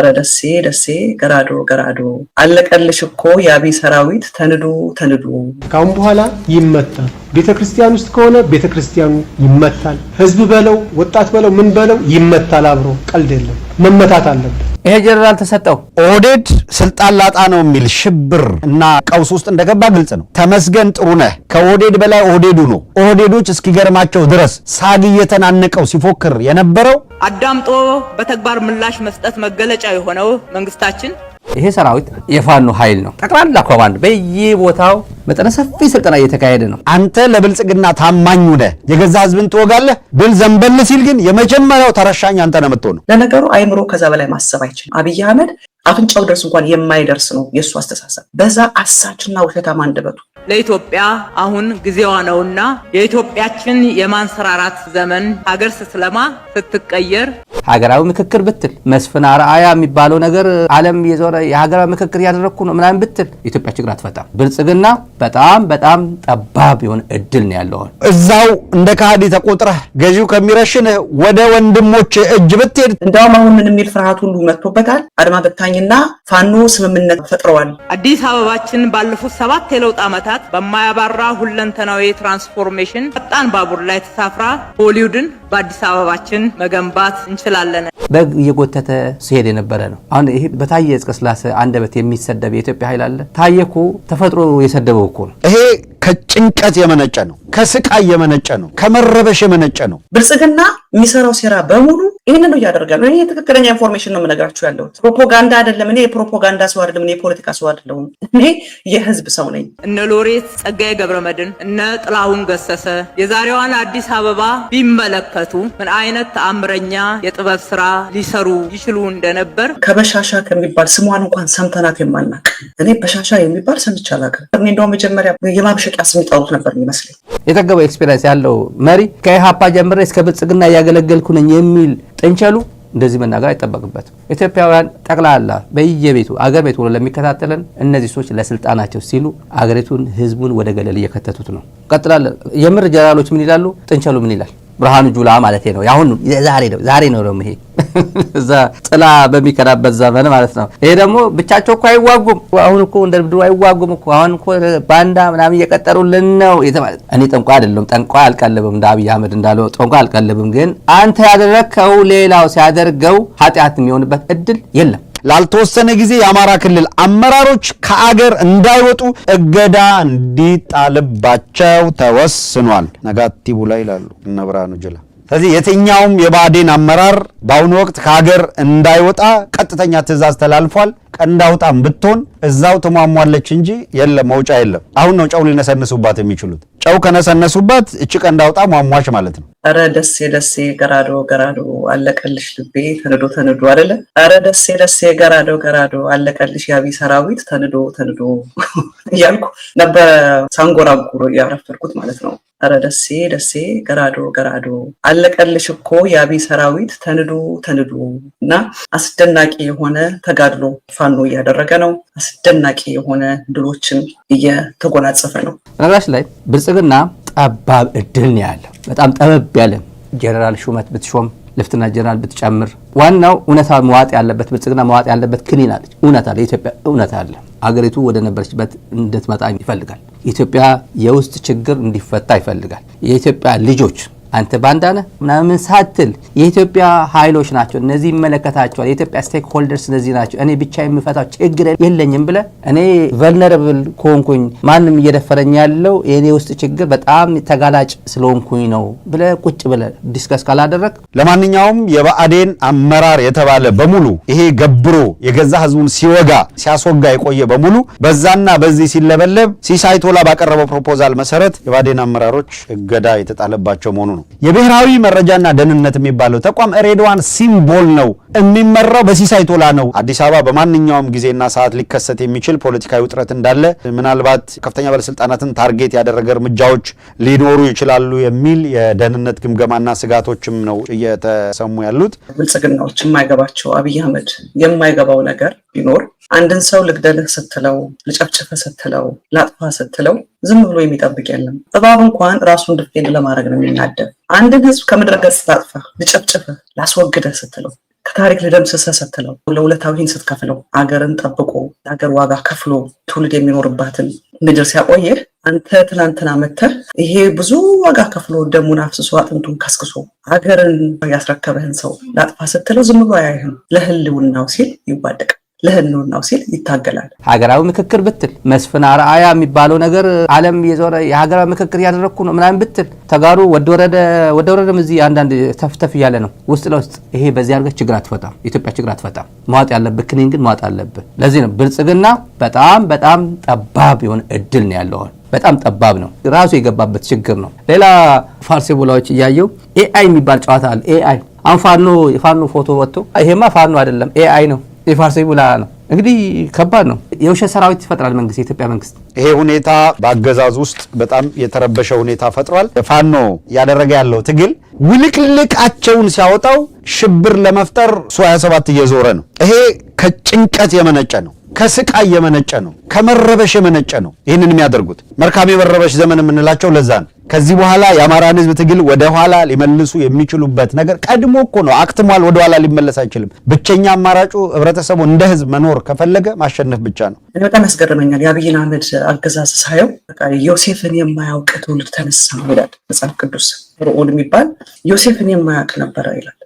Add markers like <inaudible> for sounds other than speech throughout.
እረ ደሴ ደሴ ገራዶ ገራዶ አለቀልሽ እኮ የአብይ ሰራዊት ተንዱ ተንዱ። ካሁን በኋላ ይመታል። ቤተ ክርስቲያን ውስጥ ከሆነ ቤተ ክርስቲያኑ ይመታል። ህዝብ በለው ወጣት በለው ምን በለው ይመታል። አብሮ ቀልድ የለም፣ መመታት አለብን። ይሄ ጀነራል ተሰጠው ኦህዴድ ስልጣን ላጣ ነው የሚል ሽብር እና ቀውስ ውስጥ እንደገባ ግልጽ ነው። ተመስገን ነህ ከኦህዴድ በላይ ኦህዴዱ ነው። ኦህዴዶች እስኪገርማቸው ድረስ ሳግ እየተናነቀው ሲፎክር የነበረው አዳምጦ በተግባር ምላሽ መስጠት መገለጫ የሆነው መንግስታችን ይሄ ሰራዊት የፋኖ ኃይል ነው። ጠቅላላ ኮማንድ በየቦታው መጠነ ሰፊ ስልጠና እየተካሄደ ነው። አንተ ለብልጽግና ታማኝ ሆነ የገዛ ህዝብን ትወጋለህ ብል ዘንበል ሲል ግን የመጀመሪያው ተረሻኝ አንተ ነው የምትሆነው። ለነገሩ አይምሮ ከዛ በላይ ማሰብ አይችልም። አብይ አህመድ አፍንጫው ደርስ እንኳን የማይደርስ ነው የእሱ አስተሳሰብ። በዛ አሳችና ውሸታማ አንደበቱ ለኢትዮጵያ አሁን ጊዜዋ ነውና የኢትዮጵያችን የማንሰራራት ዘመን ሀገር ስትለማ ስትቀየር ሀገራዊ ምክክር ብትል መስፍን አርአያ የሚባለው ነገር ዓለም የዞረ የሀገራዊ ምክክር እያደረግኩ ነው ምናምን ብትል ኢትዮጵያ ችግር አትፈጣም። ብልጽግና በጣም በጣም ጠባብ የሆነ እድል ነው ያለውን እዛው እንደ ካህዲ ተቆጥረህ ገዢው ከሚረሽን ወደ ወንድሞች እጅ ብትሄድ እንደውም አሁን ምን የሚል ፍርሃት ሁሉ መጥቶበታል። አድማ በታኝና ፋኖ ስምምነት ፈጥረዋል። አዲስ አበባችን ባለፉት ሰባት የለውጥ ዓመታት ዓመታት በማያባራ ሁለንተናዊ ትራንስፎርሜሽን ፈጣን ባቡር ላይ ተሳፍራ ሆሊውድን በአዲስ አበባችን መገንባት እንችላለን። በግ እየጎተተ ሲሄድ የነበረ ነው። አሁን ይሄ በታየ እጽቀ አንደበት የሚሰደብ የኢትዮጵያ ኃይል አለ። ታየ እኮ ተፈጥሮ የሰደበው እኮ ነው። ይሄ ከጭንቀት የመነጨ ነው። ከስቃይ የመነጨ ነው። ከመረበሽ የመነጨ ነው። ብልጽግና የሚሰራው ሴራ በሙሉ ይህን ነው እያደረጋል። ይህ ትክክለኛ ኢንፎርሜሽን ነው የምነግራችሁ ያለሁት ፕሮፓጋንዳ አይደለም። እኔ የፕሮፓጋንዳ ሰው አይደለም። እኔ የፖለቲካ ሰው አይደለሁም። እኔ የህዝብ ሰው ነኝ። ሎሬት ጸጋዬ ገብረ መድን እነ ጥላሁን ገሰሰ የዛሬዋን አዲስ አበባ ቢመለከቱ ምን አይነት ተአምረኛ የጥበብ ስራ ሊሰሩ ይችሉ እንደነበር ከበሻሻ ከሚባል ስሟን እንኳን ሰምተናት የማናቅ እኔ በሻሻ የሚባል ሰምቼ አላውቅም። እኔ እንደው መጀመሪያ የማምሸቂያ ስም ይጠሩት ነበር ይመስለኝ። የጠገበው ኤክስፔሪንስ ያለው መሪ ከኢህአፓ ጀምሬ እስከ ብልጽግና እያገለገልኩ ነኝ የሚል ጥንቸሉ እንደዚህ መናገር አይጠበቅበትም። ኢትዮጵያውያን ጠቅላላ በየቤቱ አገር ቤት ሆኖ ለሚከታተለን እነዚህ ሰዎች ለስልጣናቸው ሲሉ አገሪቱን፣ ህዝቡን ወደ ገለል እየከተቱት ነው። ቀጥላለን። የምር ጀነራሎች ምን ይላሉ? ጥንቸሉ ምን ይላል? ብርሃኑ ጁላ ማለት ነው። ያሁን ዛሬ ነው ዛሬ ነው ደግሞ ይሄ <laughs> እዛ ጥላ በሚከዳበት ዘመን ማለት ነው። ይሄ ደግሞ ብቻቸው እኮ አይዋጉም። አሁን እኮ እንደ ድብድቡ አይዋጉም እኮ አሁን እኮ ባንዳ ምናምን እየቀጠሩልን ነው። እኔ ጠንቋ አይደለም ጠንቋ አልቀልብም፣ እንደ አብይ አህመድ እንዳለው ጠንቋ አልቀልብም። ግን አንተ ያደረግከው ሌላው ሲያደርገው ኃጢአት የሚሆንበት እድል የለም። ላልተወሰነ ጊዜ የአማራ ክልል አመራሮች ከአገር እንዳይወጡ እገዳ እንዲጣልባቸው ተወስኗል። ነጋቲቡ ላይ ይላሉ እነ ብርሃኑ ጁላ ስለዚህ የትኛውም የባዴን አመራር በአሁኑ ወቅት ከሀገር እንዳይወጣ ቀጥተኛ ትዕዛዝ ተላልፏል። ቀንዳውጣም ብትሆን እዛው ትሟሟለች እንጂ የለም መውጫ የለም። አሁን ነው ጨው ሊነሰንሱባት የሚችሉት። ጨው ከነሰነሱባት እች ቀንዳውጣ ሟሟች ማለት ነው። አረ ደሴ ደሴ ገራዶ ገራዶ አለቀልሽ ልቤ ተንዶ ተንዶ አደለ? አረ ደሴ ደሴ ገራዶ ገራዶ አለቀልሽ ያቢ ሰራዊት ተንዶ ተንዶ እያልኩ ነበረ ሳንጎራጉሮ እያረፈርኩት ማለት ነው። እረ ደሴ ደሴ ገራዶ ገራዶ አለቀልሽ እኮ የአብይ ሰራዊት ተንዶ ተንዶ እና አስደናቂ የሆነ ተጋድሎ ፋኖ እያደረገ ነው። አስደናቂ የሆነ ድሎችን እየተጎናጸፈ ነው። በነገራችን ላይ ብልጽግና ጠባብ እድል ነው ያለው። በጣም ጠበብ ያለ ጀነራል ሹመት ብትሾም ልፍትና ጀነራል ብትጨምር ዋናው እውነታ መዋጥ ያለበት ብልጽግና መዋጥ ያለበት ክኒን አለች እውነት አለ የኢትዮጵያ እውነት አለ አገሪቱ ወደ ነበረችበት እንድትመጣ ይፈልጋል። ኢትዮጵያ የውስጥ ችግር እንዲፈታ ይፈልጋል። የኢትዮጵያ ልጆች አንተ ባንዳ ነህ ምናምን ሳትል የኢትዮጵያ ኃይሎች ናቸው እነዚህ ይመለከታቸዋል፣ የኢትዮጵያ ስቴክ ሆልደርስ እነዚህ ናቸው፣ እኔ ብቻ የምፈታው ችግር የለኝም ብለህ እኔ ቨልነረብል ከሆንኩኝ ማንም እየደፈረኝ ያለው የእኔ ውስጥ ችግር በጣም ተጋላጭ ስለሆንኩኝ ነው ብለህ ቁጭ ብለህ ዲስከስ ካላደረግ፣ ለማንኛውም የብአዴን አመራር የተባለ በሙሉ ይሄ ገብሮ የገዛ ህዝቡን ሲወጋ ሲያስወጋ የቆየ በሙሉ በዛና በዚህ ሲለበለብ ሲሳይ ቶላ ባቀረበው ፕሮፖዛል መሰረት የብአዴን አመራሮች እገዳ የተጣለባቸው መሆኑ ነው። ነው። የብሔራዊ መረጃና ደህንነት የሚባለው ተቋም ሬድዋን ሲምቦል ነው። የሚመራው በሲሳይ ቶላ ነው። አዲስ አበባ በማንኛውም ጊዜና ሰዓት ሊከሰት የሚችል ፖለቲካዊ ውጥረት እንዳለ፣ ምናልባት ከፍተኛ ባለስልጣናትን ታርጌት ያደረገ እርምጃዎች ሊኖሩ ይችላሉ የሚል የደህንነት ግምገማና ስጋቶችም ነው እየተሰሙ ያሉት። ብልጽግናዎች የማይገባቸው አብይ አህመድ የማይገባው ነገር ቢኖር አንድን ሰው ልግደልህ ስትለው፣ ልጨፍጭፈ ስትለው፣ ላጥፋ ስትለው ዝም ብሎ የሚጠብቅ የለም። እባብ እንኳን ራሱን ድፌን ለማድረግ ነው የሚናደብ። አንድን ህዝብ ከምድረ ገጽ ታጥፋ፣ ልጨፍጭፍህ፣ ላስወግደህ ስትለው ከታሪክ ልደምስሰ ስትለው ለውለታዊህን ስትከፍለው አገርን ጠብቆ አገር ዋጋ ከፍሎ ትውልድ የሚኖርባትን ምድር ሲያቆየህ አንተ ትናንትና መተህ ይሄ ብዙ ዋጋ ከፍሎ ደሙን አፍስሶ አጥንቱን ከስክሶ አገርን ያስረከበህን ሰው ላጥፋ ስትለው ዝም ብሎ አያይህም። ለህልውናው ሲል ይዋደቃል። ነው ሲል ይታገላል። ሀገራዊ ምክክር ብትል መስፍን አርአያ የሚባለው ነገር ዓለም የዞረ የሀገራዊ ምክክር እያደረግኩ ነው ምናምን ብትል ተጋሩ ወደ ወረደም እዚህ አንዳንድ ተፍተፍ እያለ ነው ውስጥ ለውስጥ ይሄ በዚህ አድርገህ ችግር አትፈጣም፣ ኢትዮጵያ ችግር አትፈጣም። መዋጥ ያለብህ ክኒን ግን መዋጥ አለብህ። ለዚህ ነው ብልጽግና በጣም በጣም ጠባብ የሆነ እድል ነው ያለውን በጣም ጠባብ ነው። ራሱ የገባበት ችግር ነው። ሌላ ፋርሲ ቦላዎች እያየው ኤአይ የሚባል ጨዋታ አለ። ኤአይ አሁን ፋኖ የፋኖ ፎቶ ወጥቶ ይሄማ ፋኖ አይደለም ኤአይ ነው ቡላ ነው። እንግዲህ ከባድ ነው። የውሸት ሰራዊት ይፈጥራል መንግስት፣ የኢትዮጵያ መንግስት። ይሄ ሁኔታ በአገዛዝ ውስጥ በጣም የተረበሸ ሁኔታ ፈጥሯል። ፋኖ ያደረገ ያለው ትግል ውልቅልቃቸውን ሲያወጣው ሽብር ለመፍጠር ሱ 27 እየዞረ ነው። ይሄ ከጭንቀት የመነጨ ነው። ከስቃይ የመነጨ ነው፣ ከመረበሽ የመነጨ ነው። ይህንን የሚያደርጉት መልካም የመረበሽ ዘመን የምንላቸው ለዛ ነው። ከዚህ በኋላ የአማራን ህዝብ ትግል ወደ ኋላ ሊመልሱ የሚችሉበት ነገር ቀድሞ እኮ ነው አክትሟል። ወደ ኋላ ሊመለስ አይችልም። ብቸኛ አማራጩ ህብረተሰቡ እንደ ህዝብ መኖር ከፈለገ ማሸነፍ ብቻ ነው። እኔ በጣም ያስገርመኛል የአብይን አህመድ አገዛዝ ሳየው ዮሴፍን የማያውቅ ትውልድ ተነሳ ይላል መጽሐፍ ቅዱስ ርዑል የሚባል ዮሴፍን የማያውቅ ነበረ ይላል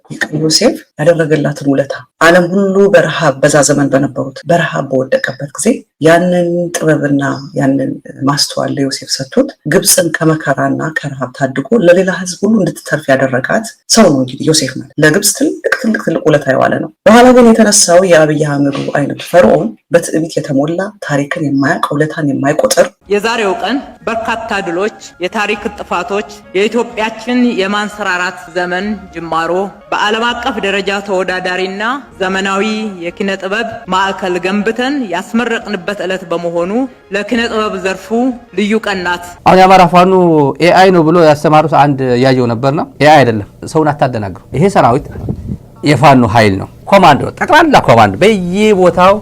ዮሴፍ ያደረገላትን ውለታ ዓለም ሁሉ በረሃብ በዛ ዘመን በነበሩት በረሃብ በወደቀበት ጊዜ ያንን ጥበብና ያንን ማስተዋል ለዮሴፍ ሰጥቶት ግብፅን ከመከራና ከረሃብ ታድጎ ለሌላ ህዝብ ሁሉ እንድትተርፍ ያደረጋት ሰው ነው። እንግዲህ ዮሴፍ ማለት ለግብፅ ትልቅ ትልቅ ትልቅ ውለታ የዋለ ነው። በኋላ ግን የተነሳው የአብይ አህመዱ አይነት ፈርዖን በትዕቢት የተሞላ ታሪክን የማያውቅ ውለታን የማይቆጥር የዛሬው ቀን በርካታ ድሎች፣ የታሪክ ጥፋቶች፣ የኢትዮጵያችን የማንሰራራት ዘመን ጅማሮ በዓለም አቀፍ ደረጃ ተወዳዳሪና ዘመናዊ የኪነ ጥበብ ማዕከል ገንብተን ያስመረቅንበት የምናከብርበት ዕለት በመሆኑ ለኪነ ጥበብ ዘርፉ ልዩ ቀን ናት። አሁን የአማራ ፋኑ ኤአይ ነው ብሎ ያሰማሩት አንድ ያየው ነው። ኤአይ አይደለም፣ ሰውን አታደናግሩ። ይሄ ሰራዊት የፋኑ ኃይል ነው። ኮማንዶ፣ ጠቅላላ ኮማንዶ በየቦታው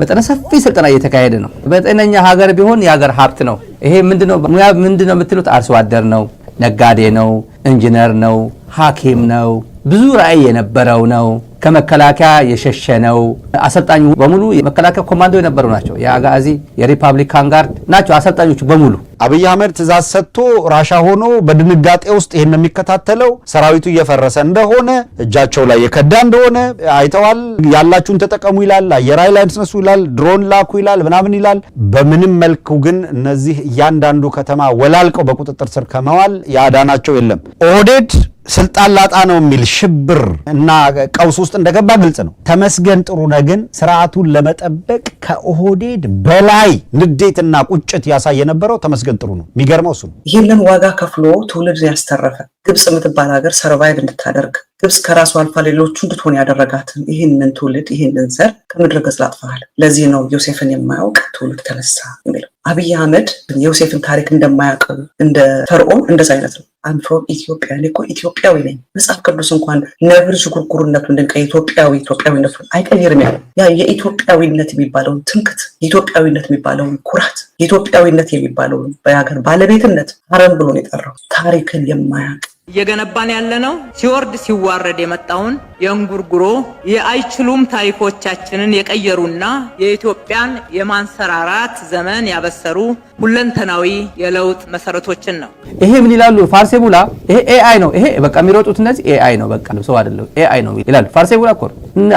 መጠነ ሰፊ ስልጠና እየተካሄደ ነው። በጤነኛ ሀገር ቢሆን የሀገር ሀብት ነው። ይሄ ምንድነው ሙያ ምንድነው የምትሉት? አርሶ አደር ነው፣ ነጋዴ ነው፣ ኢንጂነር ነው፣ ሐኪም ነው፣ ብዙ ራዕይ የነበረው ነው። ከመከላከያ የሸሸ ነው። አሰልጣኙ በሙሉ የመከላከያ ኮማንዶ የነበሩ ናቸው። የአጋዚ የሪፐብሊካን ጋርድ ናቸው አሰልጣኞቹ በሙሉ። አብይ አህመድ ትእዛዝ ሰጥቶ ራሻ ሆኖ በድንጋጤ ውስጥ ይህን የሚከታተለው ሰራዊቱ እየፈረሰ እንደሆነ እጃቸው ላይ የከዳ እንደሆነ አይተዋል። ያላችሁን ተጠቀሙ ይላል፣ አየር ኃይል አይነስነሱ ይላል፣ ድሮን ላኩ ይላል፣ ምናምን ይላል። በምንም መልኩ ግን እነዚህ እያንዳንዱ ከተማ ወላልቀው በቁጥጥር ስር ከመዋል ያዳናቸው የለም ኦህዴድ ስልጣን ላጣ ነው የሚል ሽብር እና ቀውስ ውስጥ እንደገባ ግልጽ ነው። ተመስገን ጥሩነህ ግን ስርዓቱን ለመጠበቅ ከኦህዴድ በላይ ንዴትና ቁጭት ያሳይ የነበረው ተመስገን ጥሩ ነው። የሚገርመው እሱ ነው። ይህንን ዋጋ ከፍሎ ትውልድ ያስተረፈ ግብፅ የምትባል ሀገር ሰርቫይቭ እንድታደርግ ግብስ ከራሱ አልፋ ሌሎቹ እንድትሆን ያደረጋትን ይህንን ትውልድ ይህንን ዘር ከምድረ ገጽ ላጥፋል። ለዚህ ነው ዮሴፍን የማያውቅ ትውልድ ተነሳ የሚለው። አብይ አህመድ የዮሴፍን ታሪክ እንደማያውቀው እንደ ፈርዖን እንደዛ አይነት ነው። አንፎ ኢትዮጵያ እኔ እኮ ኢትዮጵያዊ ነኝ። መጽሐፍ ቅዱስ እንኳን ነብር ሽኩርኩርነቱን ድንቀ ኢትዮጵያዊ ኢትዮጵያዊነቱን አይቀይርም ያለ ያ የኢትዮጵያዊነት የሚባለውን ትምክት፣ የኢትዮጵያዊነት የሚባለውን ኩራት፣ የኢትዮጵያዊነት የሚባለውን በሀገር ባለቤትነት አረም ብሎን የጠራው ታሪክን የማያውቅ እየገነባን ያለነው ሲወርድ ሲዋረድ የመጣውን የእንጉርጉሮ የአይችሉም ታሪኮቻችንን የቀየሩና የኢትዮጵያን የማንሰራራት ዘመን ያበሰሩ ሁለንተናዊ የለውጥ መሰረቶችን ነው። ይሄ ምን ይላሉ? ፋርሴ ሙላ ይሄ ኤአይ ነው። ይሄ በቃ የሚሮጡት እነዚህ ኤአይ ነው። በቃ ሰው አይደለም ኤአይ ነው ይላሉ። ፋርሴ ሙላ እኮ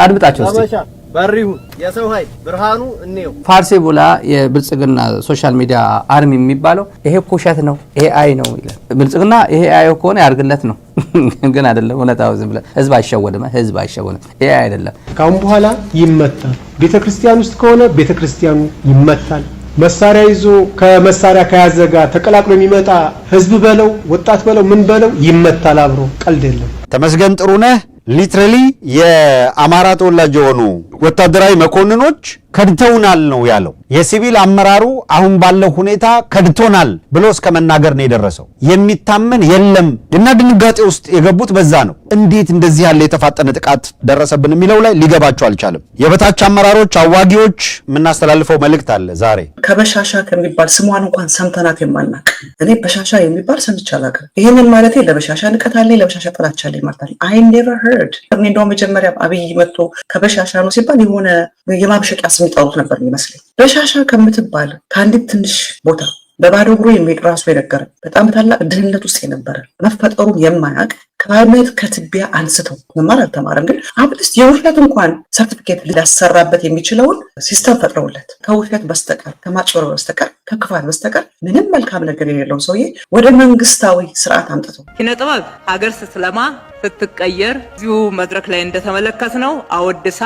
አድምጣቸው እስኪ በሪሁ የሰው ኃይል ብርሃኑ እኔው ፋርሴ ቡላ የብልጽግና ሶሻል ሚዲያ አርሚ የሚባለው ይሄ ኮሸት ነው፣ ኤ አይ ነው ይላል ብልጽግና። ይሄ አይ ከሆነ ያርግለት ነው፣ <laughs> ግን አይደለም። እውነታው ዝም ብለህ ህዝብ አይሸወድም፣ ህዝብ አይሸወድም። ኤ አይደለም። ካሁን በኋላ ይመታል። ቤተ ክርስቲያን ውስጥ ከሆነ ቤተ ክርስቲያኑ ይመታል። መሳሪያ ይዞ ከመሳሪያ ከያዘ ጋር ተቀላቅሎ የሚመጣ ህዝብ በለው ወጣት በለው ምን በለው ይመታል። አብሮ ቀልድ የለም። ተመስገን ነህ። ሊትራሊ የአማራ ተወላጅ የሆኑ ወታደራዊ መኮንኖች ከድተውናል ነው ያለው። የሲቪል አመራሩ አሁን ባለው ሁኔታ ከድቶናል ብሎ እስከ መናገር ነው የደረሰው። የሚታመን የለም እና ድንጋጤ ውስጥ የገቡት በዛ ነው። እንዴት እንደዚህ ያለ የተፋጠነ ጥቃት ደረሰብን የሚለው ላይ ሊገባቸው አልቻለም። የበታች አመራሮች፣ አዋጊዎች የምናስተላልፈው መልእክት አለ ዛሬ ከበሻሻ ከሚባል ስሟን እንኳን ሰምተናት የማናቅ እኔ በሻሻ የሚባል ሰምቼ አላውቅም። ይህንን ማለት ለበሻሻ ንቀት ለበሻሻ ጥላቻ ማለት አይ ኔቨር ሄርድ። እኔ እንደውም መጀመሪያ አብይ መጥቶ ከበሻሻ ነው ሲባል የሆነ የማብሸቂያ ጠሩት ነበር ይመስለኝ። በሻሻ ከምትባል ከአንዲት ትንሽ ቦታ በባዶ እግሩ የሚሄድ ራሱ የነገረ በጣም ታላቅ ድህነት ውስጥ የነበረ መፈጠሩን የማያውቅ ከአመት ከትቢያ አንስተው መማር አልተማረም፣ ግን አትሊስት የውሸት እንኳን ሰርቲፊኬት ሊያሰራበት የሚችለውን ሲስተም ፈጥረውለት ከውሸት በስተቀር ከማጭበርበር በስተቀር ከክፋት በስተቀር ምንም መልካም ነገር የሌለው ሰውዬ ወደ መንግስታዊ ስርዓት አምጥተው ኪነጥበብ ሀገር ስትለማ ስትቀየር እዚሁ መድረክ ላይ እንደተመለከት ነው አወድሳ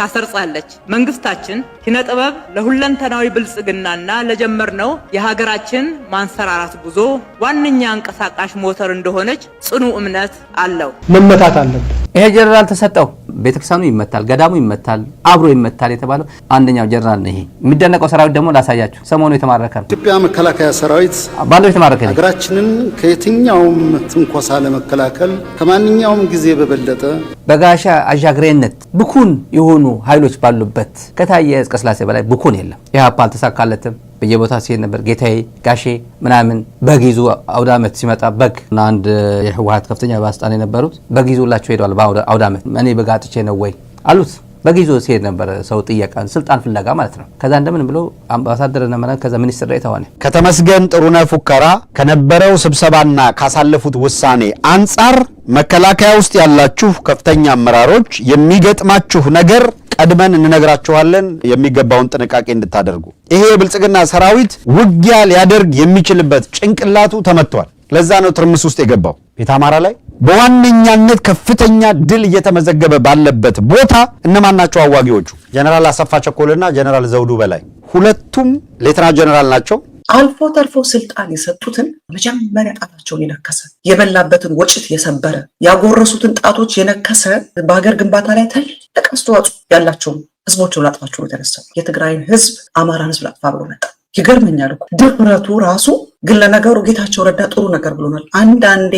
ታሰርጻለች። መንግስታችን ኪነ ጥበብ ለሁለንተናዊ ብልጽግናና ለጀመርነው የሀገራችን ማንሰራራት ጉዞ ዋነኛ አንቀሳቃሽ ሞተር እንደሆነች ጽኑ እምነት አለው። መመታት አለበት። ይሄ ጀነራል ተሰጠው ቤተክርስቲያኑ ይመታል፣ ገዳሙ ይመታል፣ አብሮ ይመታል የተባለው አንደኛው ጀነራል ነው። ይሄ የሚደነቀው ሰራዊት ደግሞ ላሳያችሁ። ሰሞኑ የተማረከ ነው። ኢትዮጵያ መከላከያ ሰራዊት ባለው የተማረከ ሀገራችንን ከየትኛውም ትንኮሳ ለመከላከል ከማንኛውም ጊዜ በበለጠ በጋሻ አሻግሬነት ብኩን የሆኑ ኃይሎች ባሉበት ከታየ እስከ በላይ ብኩን የለም። ኢህአፓ አልተሳካለትም። በየቦታ ሲሄድ ነበር ጌታዬ ጋሼ ምናምን በግ ይዞ አውደ ዓመት ሲመጣ በግ እና አንድ የህወሀት ከፍተኛ ባስጣን የነበሩት በግ ይዞላቸው ሄደዋል። በአውደ እኔ በግ አጥቼ ነው ወይ አሉት። በጊዜው ሲሄድ ነበረ ሰው ጥየቃን ስልጣን ፍለጋ ማለት ነው። ከዛ እንደምን ብሎ አምባሳደር ነመረ ከዛ ሚኒስትር ላይ ተዋነ። ከተመስገን ጥሩነ ፉከራ ከነበረው ስብሰባና ካሳለፉት ውሳኔ አንጻር መከላከያ ውስጥ ያላችሁ ከፍተኛ አመራሮች የሚገጥማችሁ ነገር ቀድመን እንነግራችኋለን፣ የሚገባውን ጥንቃቄ እንድታደርጉ። ይሄ የብልጽግና ሰራዊት ውጊያ ሊያደርግ የሚችልበት ጭንቅላቱ ተመቷል። ለዛ ነው ትርምስ ውስጥ የገባው ቤት አማራ ላይ በዋነኛነት ከፍተኛ ድል እየተመዘገበ ባለበት ቦታ እነማን ናቸው አዋጊዎቹ? ጀነራል አሰፋ ቸኮልና ጀነራል ዘውዱ በላይ ሁለቱም ሌተና ጀነራል ናቸው። አልፎ ተርፎ ስልጣን የሰጡትን መጀመሪያ ጣታቸውን የነከሰ የበላበትን ወጭት የሰበረ ያጎረሱትን ጣቶች የነከሰ በሀገር ግንባታ ላይ ትልቅ አስተዋጽኦ ያላቸውን ህዝቦችን ላጥፋቸው ነው የተነሳው። የትግራይን ህዝብ፣ አማራን ህዝብ ላጥፋ ብሎ መጣ። ይገርመኛል እኮ ድፍረቱ ራሱ። ግን ለነገሩ ጌታቸው ረዳ ጥሩ ነገር ብሎናል። አንዳንዴ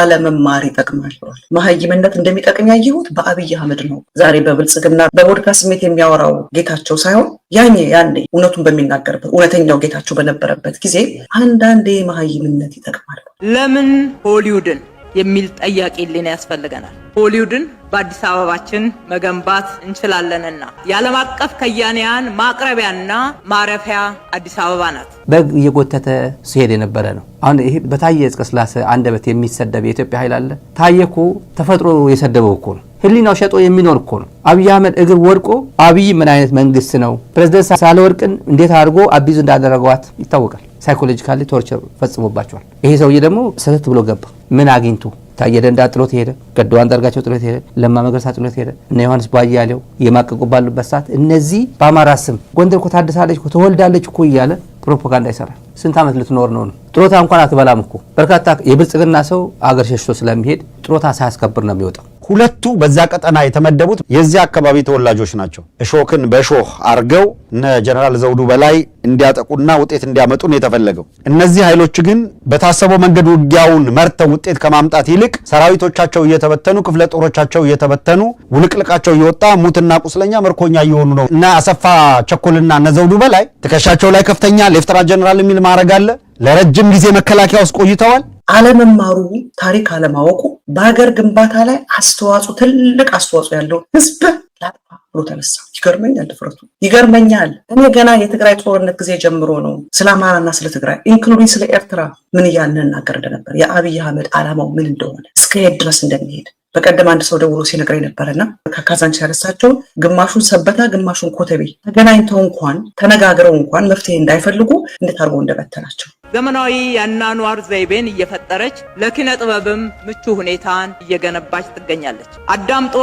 አለመማር ይጠቅማል ብሏል። መሀይምነት እንደሚጠቅም ያየሁት በአብይ አህመድ ነው። ዛሬ በብልጽግና በቦድካ ስሜት የሚያወራው ጌታቸው ሳይሆን ያኔ ያኔ እውነቱን በሚናገርበት እውነተኛው ጌታቸው በነበረበት ጊዜ አንዳንዴ መሀይምነት ይጠቅማል። ለምን ሆሊውድን የሚል ጠያቄ ልን ያስፈልገናል። ሆሊውድን በአዲስ አበባችን መገንባት እንችላለንና የዓለም አቀፍ ከያንያን ማቅረቢያና ማረፊያ አዲስ አበባ ናት። በግ እየጎተተ ሲሄድ የነበረ ነው። አሁን ይሄ በታየ እጽቀ አንደበት የሚሰደብ የኢትዮጵያ ኃይል አለ። ታየ እኮ ተፈጥሮ የሰደበው እኮ ነው። ህሊናው ሸጦ የሚኖር እኮ ነው። አብይ አህመድ እግር ወድቆ አብይ ምን አይነት መንግስት ነው? ፕሬዚደንት ሳህለወርቅን እንዴት አድርጎ አቢዙ እንዳደረገዋት ይታወቃል። ሳይኮሎጂካሊ ቶርቸር ፈጽሞባቸዋል። ይሄ ሰውዬ ደግሞ ሰተት ብሎ ገባ። ምን አግኝቶ ታየ ደንዳ ጥሎት ሄደ። ገዱ አንዳርጋቸው ጥሎት ሄደ። ለማ መገርሳ ጥሎት ሄደ። እነ ዮሐንስ ቧያሌው የማቀቁ ባሉበት ሰዓት እነዚህ በአማራ ስም ጎንደር እኮ ታድሳለች እኮ ተወልዳለች እኮ እያለ ፕሮፓጋንዳ ይሰራል። ስንት ዓመት ልትኖር ነው ነው? ጥሮታ እንኳን አትበላም እኮ በርካታ የብልጽግና ሰው አገር ሸሽቶ ስለሚሄድ ጥሮታ ሳያስከብር ነው የሚወጣው። ሁለቱ በዛ ቀጠና የተመደቡት የዚያ አካባቢ ተወላጆች ናቸው። እሾክን በእሾህ አርገው እነ ጀነራል ዘውዱ በላይ እንዲያጠቁና ውጤት እንዲያመጡ ነው የተፈለገው። እነዚህ ኃይሎች ግን በታሰበው መንገድ ውጊያውን መርተው ውጤት ከማምጣት ይልቅ ሰራዊቶቻቸው እየተበተኑ፣ ክፍለ ጦሮቻቸው እየተበተኑ፣ ውልቅልቃቸው እየወጣ ሙትና ቁስለኛ ምርኮኛ እየሆኑ ነው። እነ አሰፋ ቸኮልና እነ ዘውዱ በላይ ትከሻቸው ላይ ከፍተኛ ሌፍተና ጀነራል የሚል ማዕረግ አለ። ለረጅም ጊዜ መከላከያ ውስጥ ቆይተዋል። አለመማሩ፣ ታሪክ አለማወቁ በሀገር ግንባታ ላይ አስተዋጽኦ ትልቅ አስተዋጽኦ ያለው ህዝብ ላጥፋ ብሎ ተነሳ። ይገርመኛል፣ ድፍረቱ ይገርመኛል። እኔ ገና የትግራይ ጦርነት ጊዜ ጀምሮ ነው ስለ አማራና ስለ ትግራይ ኢንክሉዲንግ ስለ ኤርትራ ምን እያልን እናገር እንደነበር የአብይ አህመድ አላማው ምን እንደሆነ እስከሄድ ድረስ እንደሚሄድ በቀደም አንድ ሰው ደውሎ ሲነግረኝ ነበረና ከካዛንቺ ያነሳቸውን ግማሹን ሰበታ ግማሹን ኮተቤ ተገናኝተው እንኳን ተነጋግረው እንኳን መፍትሄ እንዳይፈልጉ እንዴት አድርጎ እንደበተናቸው ዘመናዊ የአኗኗር ዘይቤን እየፈጠረች ለኪነ ጥበብም ምቹ ሁኔታን እየገነባች ትገኛለች። አዳምጦ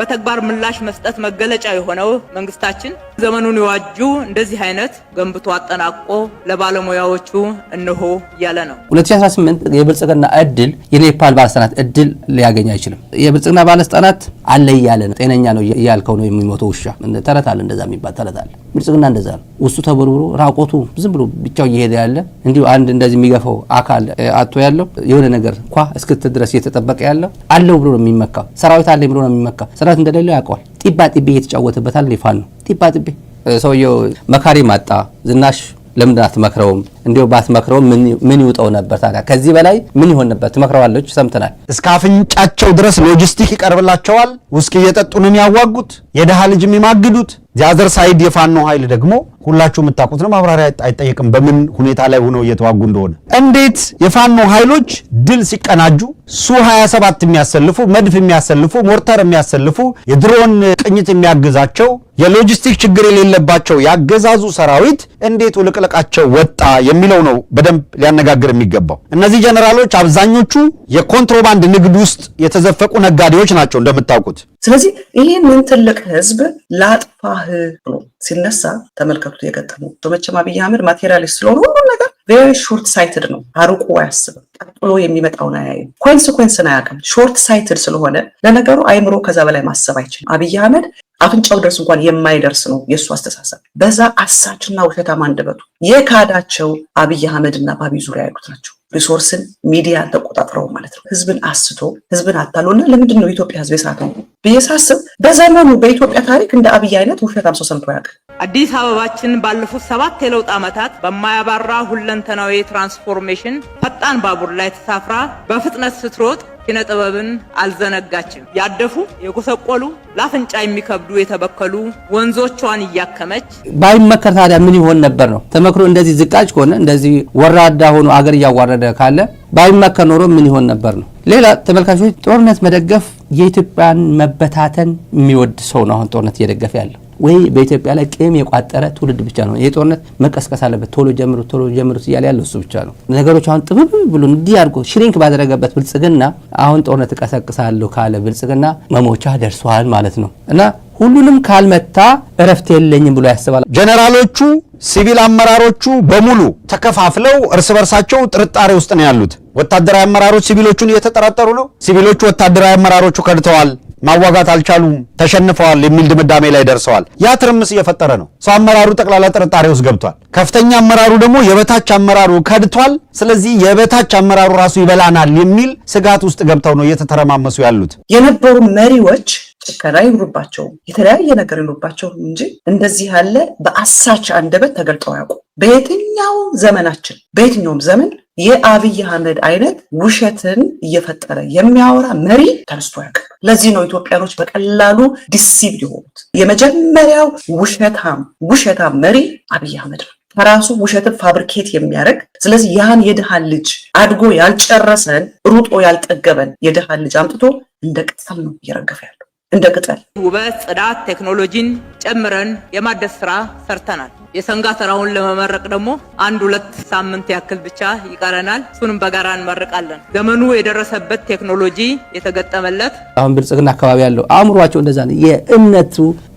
በተግባር ምላሽ መስጠት መገለጫ የሆነው መንግስታችን ዘመኑን የዋጁ እንደዚህ አይነት ገንብቶ አጠናቆ ለባለሙያዎቹ እንሆ እያለ ነው። 2018 የብልጽግና እድል የኔፓል ባለስልጣናት እድል ሊያገኝ አይችልም። የብልጽግና ባለስልጣናት አለ እያለ ነው። ጤነኛ ነው እያልከው ነው የሚሞተው ውሻ። ተረት አለ እንደዛ የሚባል ተረት አለ። ብልጽግና እንደዛ ነው። ውስጡ ተበርብሮ ራቆቱ ዝም ብሎ ብቻው እየሄደ ያለ እንዲሁ አንድ እንደዚህ የሚገፋው አካል አቶ ያለው የሆነ ነገር እንኳ እስክት ድረስ እየተጠበቀ ያለው አለው ብሎ ነው የሚመካው። ሰራዊት አለኝ ብሎ ነው የሚመካው። ሰራዊት እንደሌለው ያውቀዋል። ጢባ ጢቤ እየተጫወተበታል። ፋኖ ነው ጢባ ጢቤ። ሰውየው መካሪ ማጣ ዝናሽ ለምን አትመክረውም? እንዲሁ ባትመክረውም ምን ይውጠው ነበር ታዲያ? ከዚህ በላይ ምን ይሆን ነበር? ትመክረዋለች። ሰምተናል። እስከ አፍንጫቸው ድረስ ሎጂስቲክ ይቀርብላቸዋል። ውስኪ እየጠጡን ያዋጉት፣ የድሃ ልጅ የሚማግዱት፣ ዚያዘር ሳይድ የፋኖ ኃይል ደግሞ ሁላችሁ የምታውቁት ነው። ማብራሪያ አይጠየቅም፣ በምን ሁኔታ ላይ ሆነው እየተዋጉ እንደሆነ። እንዴት የፋኖ ኃይሎች ድል ሲቀናጁ ሱ 27 የሚያሰልፉ መድፍ የሚያሰልፉ ሞርተር የሚያሰልፉ የድሮን ቅኝት የሚያግዛቸው የሎጂስቲክ ችግር የሌለባቸው ያገዛዙ ሰራዊት እንዴት ውልቅልቃቸው ወጣ የሚለው ነው በደንብ ሊያነጋግር የሚገባው። እነዚህ ጀነራሎች አብዛኞቹ የኮንትሮባንድ ንግድ ውስጥ የተዘፈቁ ነጋዴዎች ናቸው እንደምታውቁት። ስለዚህ ይህንን ትልቅ ህዝብ ላጥፋህ ብሎ ሲነሳ ተመልከቱ የገጠመው መቼም አብይ አህመድ ማቴሪያሊስት ስለሆኑ ሁሉም ነገር ቬሪ ሾርት ሳይትድ ነው። አርቆ አያስብም። ቀጥሎ የሚመጣውን አያይም። ኮንስኮንስን አያውቅም። ሾርት ሳይትድ ስለሆነ ለነገሩ አይምሮ ከዛ በላይ ማሰብ አይችልም። አብይ አህመድ አፍንጫው ድረስ እንኳን የማይደርስ ነው የእሱ አስተሳሰብ። በዛ አሳችና ውሸታም አንደበቱ የካዳቸው አብይ አህመድና ባቢ ዙሪያ ያሉት ናቸው። ሪሶርስን ሚዲያን ተቆጣጥረው ማለት ነው። ህዝብን አስቶ ህዝብን አታሎ እና ለምንድን ነው የኢትዮጵያ ህዝብ የሳተው ብዬ ሳስብ በዘመኑ በኢትዮጵያ ታሪክ እንደ አብይ አይነት ውሸታም ሰው ሰምቶ ያውቅ አዲስ አበባችን ባለፉት ሰባት የለውጥ ዓመታት በማያባራ ሁለንተናዊ ትራንስፎርሜሽን ፈጣን ባቡር ላይ ተሳፍራ በፍጥነት ስትሮጥ ኪነ ጥበብን አልዘነጋችም። ያደፉ የጎሰቆሉ ለአፍንጫ የሚከብዱ የተበከሉ ወንዞቿን እያከመች ባይመከር ታዲያ ምን ይሆን ነበር ነው ተመክሮ እንደዚህ ዝቃጭ ከሆነ እንደዚህ ወራዳ ሆኖ አገር እያዋረደ የተፈቀደ ካለ ባይመከር ኖሮ ምን ይሆን ነበር ነው። ሌላ ተመልካቾች፣ ጦርነት መደገፍ የኢትዮጵያን መበታተን የሚወድ ሰው ነው አሁን ጦርነት እየደገፈ ያለው ወይ በኢትዮጵያ ላይ ቂም የቋጠረ ትውልድ ብቻ ነው። ይሄ ጦርነት መቀስቀስ አለበት፣ ቶሎ ጀምሩት፣ ቶሎ ጀምሩት እያለ ያለው እሱ ብቻ ነው። ነገሮች አሁን ጥብብ ብሎ እንዲህ አድርጎ ሽሪንክ ባደረገበት ብልጽግና አሁን ጦርነት እቀሰቅሳለሁ ካለ ብልጽግና መሞቻ ደርሷል ማለት ነው እና ሁሉንም ካልመታ እረፍት የለኝም ብሎ ያስባል። ጀነራሎቹ፣ ሲቪል አመራሮቹ በሙሉ ተከፋፍለው እርስ በርሳቸው ጥርጣሬ ውስጥ ነው ያሉት። ወታደራዊ አመራሮች ሲቪሎቹን እየተጠራጠሩ ነው። ሲቪሎቹ ወታደራዊ አመራሮቹ ከድተዋል፣ ማዋጋት አልቻሉም፣ ተሸንፈዋል የሚል ድምዳሜ ላይ ደርሰዋል። ያ ትርምስ እየፈጠረ ነው። ሰው አመራሩ ጠቅላላ ጥርጣሬ ውስጥ ገብቷል። ከፍተኛ አመራሩ ደግሞ የበታች አመራሩ ከድቷል፣ ስለዚህ የበታች አመራሩ ራሱ ይበላናል የሚል ስጋት ውስጥ ገብተው ነው እየተተረማመሱ ያሉት የነበሩ መሪዎች ጭከና ይኑርባቸውም የተለያየ ነገር ይኑርባቸውም እንጂ እንደዚህ ያለ በአሳች አንደበት ተገልጠው ያውቁ በየትኛው ዘመናችን በየትኛውም ዘመን የአብይ አህመድ አይነት ውሸትን እየፈጠረ የሚያወራ መሪ ተነስቶ አያውቅም። ለዚህ ነው ኢትዮጵያኖች በቀላሉ ዲሲቭ የሆኑት። የመጀመሪያው ውሸታም ውሸታም መሪ አብይ አህመድ ነው። ከራሱ ውሸትን ፋብሪኬት የሚያደርግ ስለዚህ ያን የድሃን ልጅ አድጎ ያልጨረሰን ሩጦ ያልጠገበን የድሃን ልጅ አምጥቶ እንደ ቅጠል ነው እየረገፈ እንደ ቅጠል ውበት፣ ጽዳት፣ ቴክኖሎጂን ጨምረን የማደስ ስራ ሰርተናል። የሰንጋ ስራውን ለመመረቅ ደግሞ አንድ ሁለት ሳምንት ያክል ብቻ ይቀረናል። እሱንም በጋራ እንመርቃለን። ዘመኑ የደረሰበት ቴክኖሎጂ የተገጠመለት አሁን ብልጽግና አካባቢ ያለው አእምሯቸው እንደዛ ነው። የእምነቱ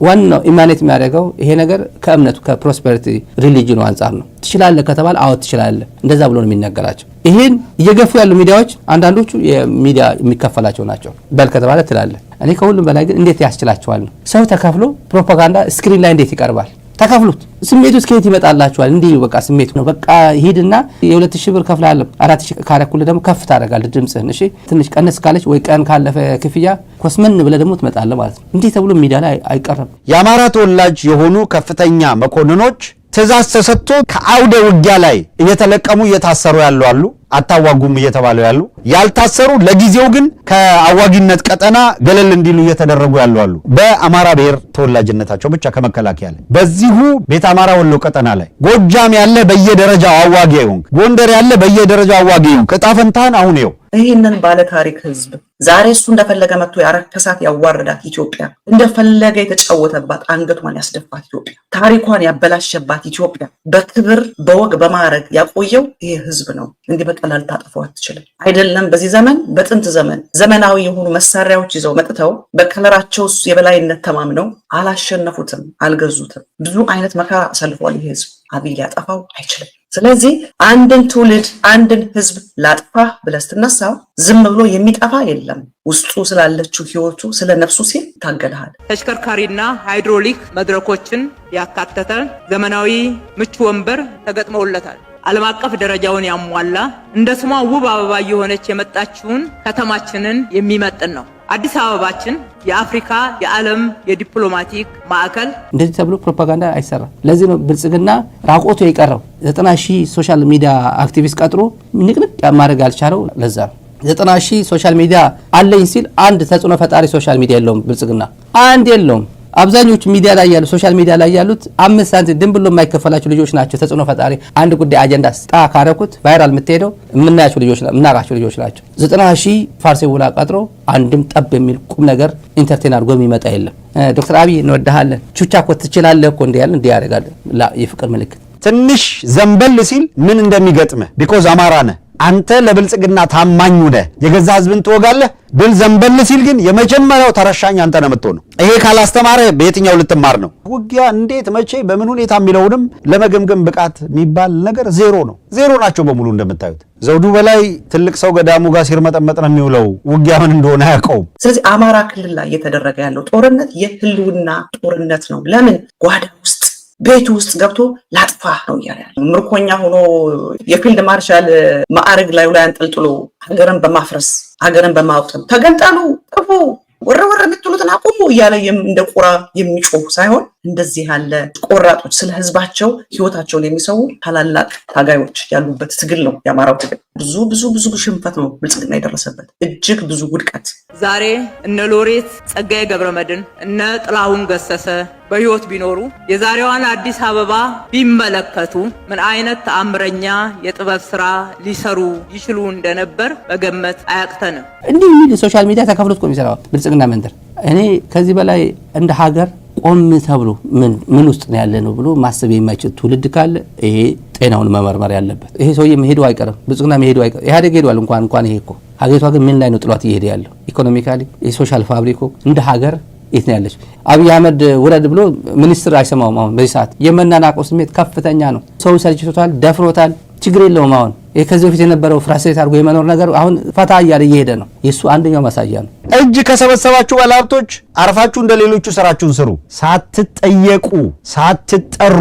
ዋናው ኢማኔት የሚያደርገው ይሄ ነገር ከእምነቱ ከፕሮስፐሪቲ ሪሊጅኑ አንጻር ነው። ትችላለህ ከተባለ አዎ ትችላለህ፣ እንደዛ ብሎ ነው የሚነገራቸው። ይህን እየገፉ ያሉ ሚዲያዎች አንዳንዶቹ የሚዲያ የሚከፈላቸው ናቸው። በል ከተባለ ትላለህ እኔ ከሁሉም በላይ ግን እንዴት ያስችላቸዋል ነው። ሰው ተከፍሎ ፕሮፓጋንዳ ስክሪን ላይ እንዴት ይቀርባል? ተከፍሉት ስሜቱ እስከየት ይመጣላችኋል? እንዲህ በቃ ስሜቱ ነው። በቃ ሂድና የሁለት ሺህ ብር ከፍላለሁ አራት ሺህ ካረኩልህ ደግሞ ከፍ ታደረጋል ድምፅህን። እሺ ትንሽ ቀነስ ካለች ወይ ቀን ካለፈ ክፍያ ኮስመን ብለ ደግሞ ትመጣለ ማለት ነው። እንዲህ ተብሎ ሚዲያ ላይ አይቀርም። የአማራ ተወላጅ የሆኑ ከፍተኛ መኮንኖች ትእዛዝ ተሰጥቶ ከአውደ ውጊያ ላይ እየተለቀሙ እየታሰሩ ያሉ አሉ። አታዋጉም እየተባሉ ያሉ ያልታሰሩ፣ ለጊዜው ግን ከአዋጊነት ቀጠና ገለል እንዲሉ እየተደረጉ ያሉ አሉ። በአማራ ብሔር ተወላጅነታቸው ብቻ ከመከላከያ ላይ በዚሁ ቤት አማራ ወሎ ቀጠና ላይ ጎጃም ያለ በየደረጃው አዋጊ ይሁን፣ ጎንደር ያለ በየደረጃው አዋጊ ይሁን፣ እጣ ፈንታህን አሁን ይኸው ይህንን ባለ ታሪክ ህዝብ ዛሬ እሱ እንደፈለገ መጥቶ ያረከሳት ያዋረዳት ኢትዮጵያ፣ እንደፈለገ የተጫወተባት አንገቷን ያስደፋት ኢትዮጵያ፣ ታሪኳን ያበላሸባት ኢትዮጵያ በክብር በወግ በማዕረግ ያቆየው ይሄ ህዝብ ነው። እንዲህ በቀላል ታጠፈው አትችልም። አይደለም በዚህ ዘመን፣ በጥንት ዘመን ዘመናዊ የሆኑ መሳሪያዎች ይዘው መጥተው በከለራቸው የበላይነት ተማምነው አላሸነፉትም፣ አልገዙትም። ብዙ አይነት መከራ አሳልፏል ይህ ህዝብ። አብይ ሊያጠፋው አይችልም። ስለዚህ አንድን ትውልድ አንድን ህዝብ ላጥፋ ብለህ ስትነሳ ዝም ብሎ የሚጠፋ የለም። ውስጡ ስላለችው ህይወቱ ስለ ነፍሱ ሲል ይታገልሃል። ተሽከርካሪና ሃይድሮሊክ መድረኮችን ያካተተ ዘመናዊ ምቹ ወንበር ተገጥመውለታል። ዓለም አቀፍ ደረጃውን ያሟላ እንደ ስሟ ውብ አበባ እየሆነች የመጣችውን ከተማችንን የሚመጥን ነው። አዲስ አበባችን የአፍሪካ የዓለም የዲፕሎማቲክ ማዕከል እንደዚህ ተብሎ ፕሮፓጋንዳ አይሰራም። ለዚህ ነው ብልጽግና ራቆቶ የቀረው ዘጠና ሺህ ሶሻል ሚዲያ አክቲቪስት ቀጥሮ ንቅንቅ ማድረግ ያልቻለው ለዛ ዘጠና ሺህ ሶሻል ሚዲያ አለኝ ሲል አንድ ተጽዕኖ ፈጣሪ ሶሻል ሚዲያ የለውም ብልጽግና አንድ የለውም። አብዛኞቹ ሚዲያ ላይ ያሉት ሶሻል ሚዲያ ላይ ያሉት አምስት ሳንቲም ድን ብሎ የማይከፈላቸው ልጆች ናቸው። ተጽዕኖ ፈጣሪ አንድ ጉዳይ አጀንዳ ስጣ ካረኩት ቫይራል የምትሄደው የምናያቸው ልጆች የምናውቃቸው ልጆች ናቸው። ዘጠና ሺህ ፋርሴውላ ቀጥሮ አንድም ጠብ የሚል ቁም ነገር ኢንተርቴን አድርጎ የሚመጣ የለም። ዶክተር አብይ እንወድሃለን፣ ቹቻ እኮ ትችላለህ እኮ እንዲያል እንዲህ ያደርጋል የፍቅር ምልክት ትንሽ ዘንበል ሲል ምን እንደሚገጥመ ቢኮዝ አማራ ነህ አንተ ለብልጽግና ታማኝ ሁነ የገዛ ህዝብን ትወጋለህ። ብል ዘንበል ሲል ግን የመጀመሪያው ተረሻኝ አንተ ነው የምትሆነው። ይሄ ካላስተማረ በየትኛው ልትማር ነው? ውጊያ እንዴት፣ መቼ፣ በምን ሁኔታ የሚለውንም ለመገምገም ብቃት የሚባል ነገር ዜሮ ነው። ዜሮ ናቸው በሙሉ እንደምታዩት። ዘውዱ በላይ ትልቅ ሰው ገዳሙ ጋር ሲርመጠመጥ ነው የሚውለው። ውጊያ ምን እንደሆነ አያውቀውም። ስለዚህ አማራ ክልል ላይ እየተደረገ ያለው ጦርነት የህልውና ጦርነት ነው። ለምን ጓዳ ውስጥ ቤት ውስጥ ገብቶ ላጥፋ ነው እያለ ያለ ምርኮኛ ሆኖ የፊልድ ማርሻል ማዕረግ ላዩ ላይ አንጠልጥሎ ሀገርን በማፍረስ ሀገርን በማውጠም ተገንጠሉ ጥፉ ወረወረ የምትሉትን አቁሙ እያለ እንደ ቁራ የሚጮህ ሳይሆን እንደዚህ ያለ ቆራጦች ስለ ህዝባቸው ህይወታቸውን የሚሰው ታላላቅ ታጋዮች ያሉበት ትግል ነው የአማራው ትግል። ብዙ ብዙ ብዙ ሽንፈት ነው ብልጽግና የደረሰበት፣ እጅግ ብዙ ውድቀት። ዛሬ እነ ሎሬት ጸጋዬ ገብረመድን እነ ጥላሁን ገሰሰ በህይወት ቢኖሩ የዛሬዋን አዲስ አበባ ቢመለከቱ ምን አይነት ተአምረኛ የጥበብ ስራ ሊሰሩ ይችሉ እንደነበር መገመት አያቅተንም። እንዲህ የሚል ሶሻል ሚዲያ ተከፍሎት እኮ የሚሰራው ብልጽግና መንደር እኔ ከዚህ በላይ እንደ ሀገር ቆም ተብሎ ምን ውስጥ ነው ያለ ነው ብሎ ማሰብ የማይችል ትውልድ ካለ ይሄ ጤናውን መመርመር ያለበት። ይሄ ሰውዬ መሄዱ አይቀርም፣ ብልጽግና መሄዱ አይቀርም። ኢህአዴግ ሄዷል እንኳን እንኳን ይሄ እኮ ሀገሪቷ ግን ምን ላይ ነው ጥሏት እየሄደ ያለው? ኢኮኖሚካሊ የሶሻል ፋብሪኮ እንደ ሀገር የት ነው ያለች? አብይ አህመድ ውረድ ብሎ ሚኒስትር አይሰማውም። አሁን በዚህ ሰዓት የመናናቀው ስሜት ከፍተኛ ነው። ሰው ሰልችቶታል፣ ደፍሮታል። ችግር የለውም አሁን ይህ ከዚህ በፊት የነበረው ፍራሴት አድርጎ የመኖር ነገር አሁን ፈታ እያለ እየሄደ ነው። የእሱ አንደኛው ማሳያ ነው። እጅ ከሰበሰባችሁ ባለሀብቶች አርፋችሁ እንደ ሌሎቹ ስራችሁን ስሩ። ሳትጠየቁ ሳትጠሩ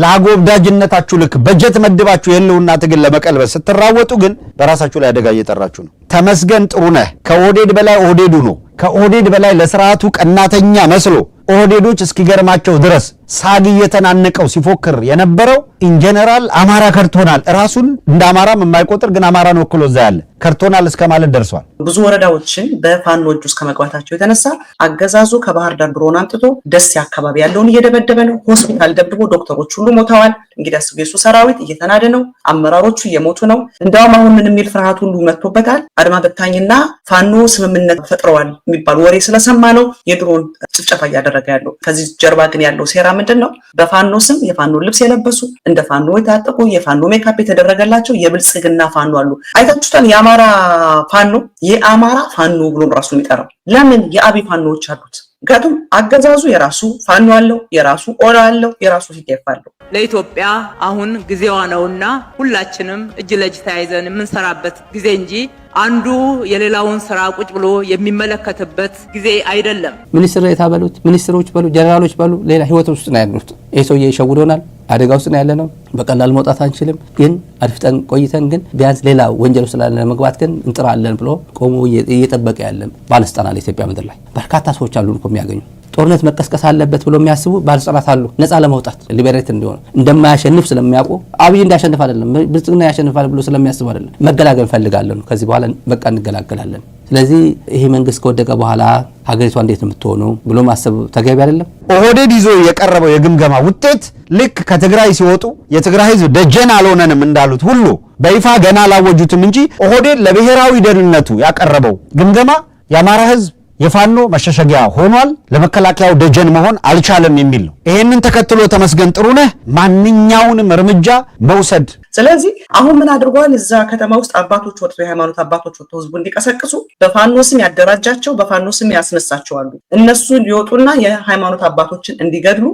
ለአጎብዳጅነታችሁ ልክ በጀት መድባችሁ የህልውና ትግል ለመቀልበስ ስትራወጡ ግን በራሳችሁ ላይ አደጋ እየጠራችሁ ነው። ተመስገን ጥሩ ነህ ከኦህዴድ በላይ ኦህዴዱ ነው። ከኦህዴድ በላይ ለስርዓቱ ቀናተኛ መስሎ ኦህዴዶች እስኪገርማቸው ድረስ ሳግ እየተናነቀው ሲፎክር የነበረው ኢንጀነራል አማራ ከርቶናል። ራሱን እንደ አማራም የማይቆጥር ግን አማራን ወክሎ እዛ ያለ ከርቶናል እስከ ማለት ደርሷል። ብዙ ወረዳዎችን በፋኖ እጅ ውስጥ ከመግባታቸው የተነሳ አገዛዙ ከባህር ዳር ድሮን አምጥቶ ደሴ አካባቢ ያለውን እየደበደበ ነው። ሆስፒታል ደብድቦ ዶክተሮች ሁሉ ሞተዋል። እንግዲህ የሱ ሰራዊት እየተናደ ነው። አመራሮቹ እየሞቱ ነው። እንዲያውም አሁን ምን የሚል ፍርሃት ሁሉ መጥቶበታል። አድማ በታኝና ፋኖ ስምምነት ፈጥረዋል የሚባል ወሬ ስለሰማ ነው የድሮን ጭፍጨፋ እያደረገ ያለው። ከዚህ ጀርባ ግን ያለው ሴራ ምንድን ነው? በፋኖ ስም የፋኖ ልብስ የለበሱ እንደ ፋኖ የታጠቁ የፋኖ ሜካፕ የተደረገላቸው የብልጽግና ፋኖ አሉ። አይታችሁታል። የአማራ ፋኖ የአማራ ፋኖ ብሎ ራሱ የሚጠራው ለምን የአቢ ፋኖዎች አሉት? ምክንያቱም አገዛዙ የራሱ ፋኖ አለው፣ የራሱ ኦላ አለው፣ የራሱ ሲቴፍ አለው። ለኢትዮጵያ አሁን ጊዜዋ ነውና ሁላችንም እጅ ለእጅ ተያይዘን የምንሰራበት ጊዜ እንጂ አንዱ የሌላውን ስራ ቁጭ ብሎ የሚመለከትበት ጊዜ አይደለም። ሚኒስትር የታ በሉት ሚኒስትሮች በሉ ጀኔራሎች በሉ ሌላ ህይወት ውስጥ ነው ያሉት። ይህ ሰውዬ ይሸውዶናል አደጋ ውስጥ ነው ያለ ነው። በቀላል መውጣት አንችልም። ግን አድፍጠን ቆይተን ግን ቢያንስ ሌላ ወንጀል ውስጥ ላለ መግባት ግን እንጥራለን ብሎ ቆሞ እየጠበቀ ያለን ባለስልጣናት ኢትዮጵያ ምድር ላይ በርካታ ሰዎች አሉ እኮ የሚያገኙ ጦርነት መቀስቀስ አለበት ብሎ የሚያስቡ ባለስልጣናት አሉ። ነፃ ለመውጣት ሊበሬት እንዲሆነ እንደማያሸንፍ ስለሚያውቁ አብይ እንዳያሸንፍ አይደለም ብልጽግና ያሸንፋል ብሎ ስለሚያስቡ አይደለም። መገላገል እንፈልጋለን። ከዚህ በኋላ በቃ እንገላገላለን። ስለዚህ ይሄ መንግስት ከወደቀ በኋላ ሀገሪቷ እንዴት ነው የምትሆነው ብሎ ማሰብ ተገቢ አይደለም። ኦህዴድ ይዞ የቀረበው የግምገማ ውጤት ልክ ከትግራይ ሲወጡ የትግራይ ህዝብ ደጀን አልሆነንም እንዳሉት ሁሉ በይፋ ገና አላወጁትም እንጂ ኦህዴድ ለብሔራዊ ደህንነቱ ያቀረበው ግምገማ የአማራ ህዝብ የፋኖ መሸሸጊያ ሆኗል፣ ለመከላከያው ደጀን መሆን አልቻለም የሚል ነው። ይህንን ተከትሎ ተመስገን ጥሩነህ ማንኛውንም እርምጃ መውሰድ ስለዚህ አሁን ምን አድርጓል? እዛ ከተማ ውስጥ አባቶች ወጥቶ የሃይማኖት አባቶች ወጥቶ ህዝቡ እንዲቀሰቅሱ በፋኖ ስም ያደራጃቸው በፋኖ ስም ያስነሳቸዋሉ። እነሱ ሊወጡና የሃይማኖት አባቶችን እንዲገድሉ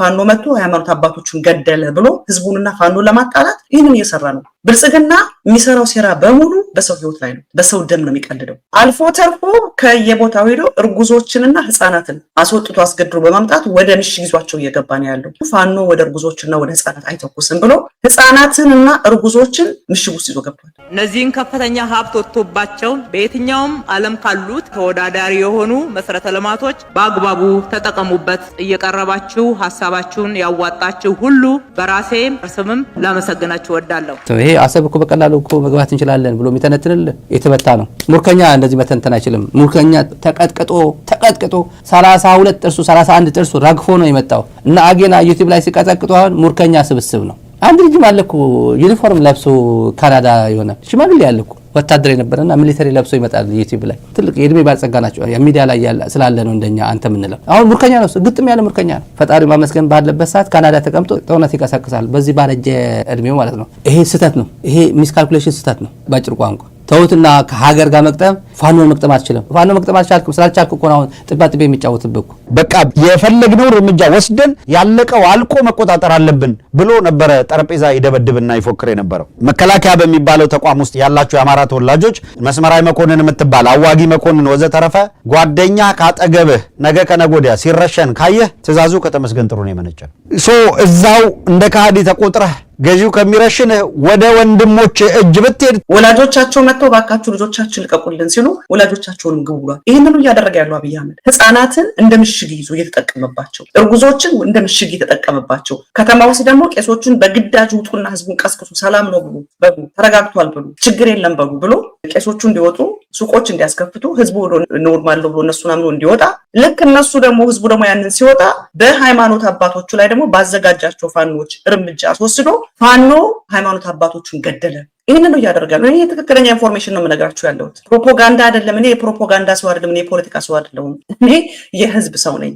ፋኖ መጥቶ የሃይማኖት አባቶችን ገደለ ብሎ ህዝቡንና ፋኖን ለማጣላት ይህንን እየሰራ ነው። ብልጽግና የሚሰራው ሴራ በሙሉ በሰው ህይወት ላይ ነው። በሰው ደም ነው የሚቀልደው። አልፎ ተርፎ ከየቦታው ሄዶ እርጉዞችንና ህፃናትን አስወጥቶ አስገድሮ በማምጣት ወደ ምሽግ ይዟቸው እየገባ ነው ያለው። ፋኖ ወደ እርጉዞችና ወደ ህፃናት አይተኩስም ብሎ ህፃናት ህፃናትንና እርጉዞችን ምሽግ ውስጥ ይዞ ገብቷል። እነዚህን ከፍተኛ ሀብት ወጥቶባቸው በየትኛውም ዓለም ካሉት ተወዳዳሪ የሆኑ መሰረተ ልማቶች በአግባቡ ተጠቀሙበት። እየቀረባችሁ ሀሳባችሁን ያዋጣችሁ ሁሉ በራሴ ስምም ላመሰግናችሁ ወዳለሁ። ይሄ አሰብ እኮ በቀላሉ እኮ መግባት እንችላለን ብሎ የሚተነትንል የተመታ ነው። ሙርከኛ እንደዚህ መተንተን አይችልም። ሙርከኛ ተቀጥቅጦ ተቀጥቅጦ 32 ጥርሱ 31 ጥርሱ ረግፎ ነው የመጣው እና አጌና ዩቲብ ላይ ሲቀጠቅጡ አሁን ሙርከኛ ስብስብ ነው። አንድ ልጅም አለ እኮ ዩኒፎርም ለብሶ ካናዳ የሆነ ሽማግሌ ያለ እኮ ወታደር የነበረና ሚሊተሪ ለብሶ ይመጣል ዩቲብ ላይ ትልቅ የእድሜ ባለጸጋ ናቸው። ሚዲያ ላይ ስላለ ነው እንደኛ አንተ ምንለው። አሁን ሙርከኛ ነው፣ ግጥም ያለ ሙርከኛ ነው። ፈጣሪ ማመስገን ባለበት ሰዓት ካናዳ ተቀምጦ ጦርነት ይቀሳቅሳል። በዚህ ባረጀ እድሜው ማለት ነው። ይሄ ስህተት ነው። ይሄ ሚስካልኩሌሽን ስህተት ነው በአጭር ቋንቋ ተውትና ከሀገር ጋር መቅጠም ፋኖን መቅጠም አትችልም። ፋኖን መቅጠም አትቻልኩም ስላልቻልኩ እኮ አሁን ጥባ ጥቤ የሚጫወትብኩ በቃ የፈለግነው እርምጃ ወስደን ያለቀው አልቆ መቆጣጠር አለብን ብሎ ነበረ። ጠረጴዛ ይደበድብና ይፎክር የነበረው መከላከያ በሚባለው ተቋም ውስጥ ያላቸው የአማራ ተወላጆች መስመራዊ መኮንን የምትባል አዋጊ መኮንን ወዘተረፈ ጓደኛ ካጠገብህ ነገ ከነጎዲያ ሲረሸን ካየህ ትእዛዙ ከተመስገን ነው የመነጨ እዛው እንደ ካህዲ ተቆጥረህ ገዢው ከሚረሽን ወደ ወንድሞች እጅ ብትሄድ ወላጆቻቸው መጥተው እባካችሁ ልጆቻችን ልቀቁልን ሲሉ ወላጆቻቸውንም ግቡ ብሏል። ይህንኑ እያደረገ ያለው አብይ አህመድ ህፃናትን እንደ ምሽግ ይዞ እየተጠቀመባቸው፣ እርጉዞችን እንደ ምሽግ እየተጠቀመባቸው፣ ከተማ ውስጥ ደግሞ ቄሶቹን በግዳጅ ውጡና ህዝቡን ቀስቅሱ፣ ሰላም ነው ብሉ፣ በሉ፣ ተረጋግቷል ብሉ፣ ችግር የለም በሉ ብሎ ቄሶቹ እንዲወጡ ሱቆች እንዲያስከፍቱ ህዝቡ ኖርማል ብሎ እነሱ ናምኖ እንዲወጣ ልክ እነሱ ደግሞ ህዝቡ ደግሞ ያንን ሲወጣ በሃይማኖት አባቶቹ ላይ ደግሞ ባዘጋጃቸው ፋኖች እርምጃ አስወስዶ ፋኖ ሃይማኖት አባቶቹን ገደለ። ይህንን ነው እያደረገ ነው። ይህ ትክክለኛ ኢንፎርሜሽን ነው የምነግራችሁ ያለሁት። ፕሮፓጋንዳ አይደለም። እኔ የፕሮፓጋንዳ ሰው አይደለም። እኔ የፖለቲካ ሰው አይደለሁም። እኔ የህዝብ ሰው ነኝ።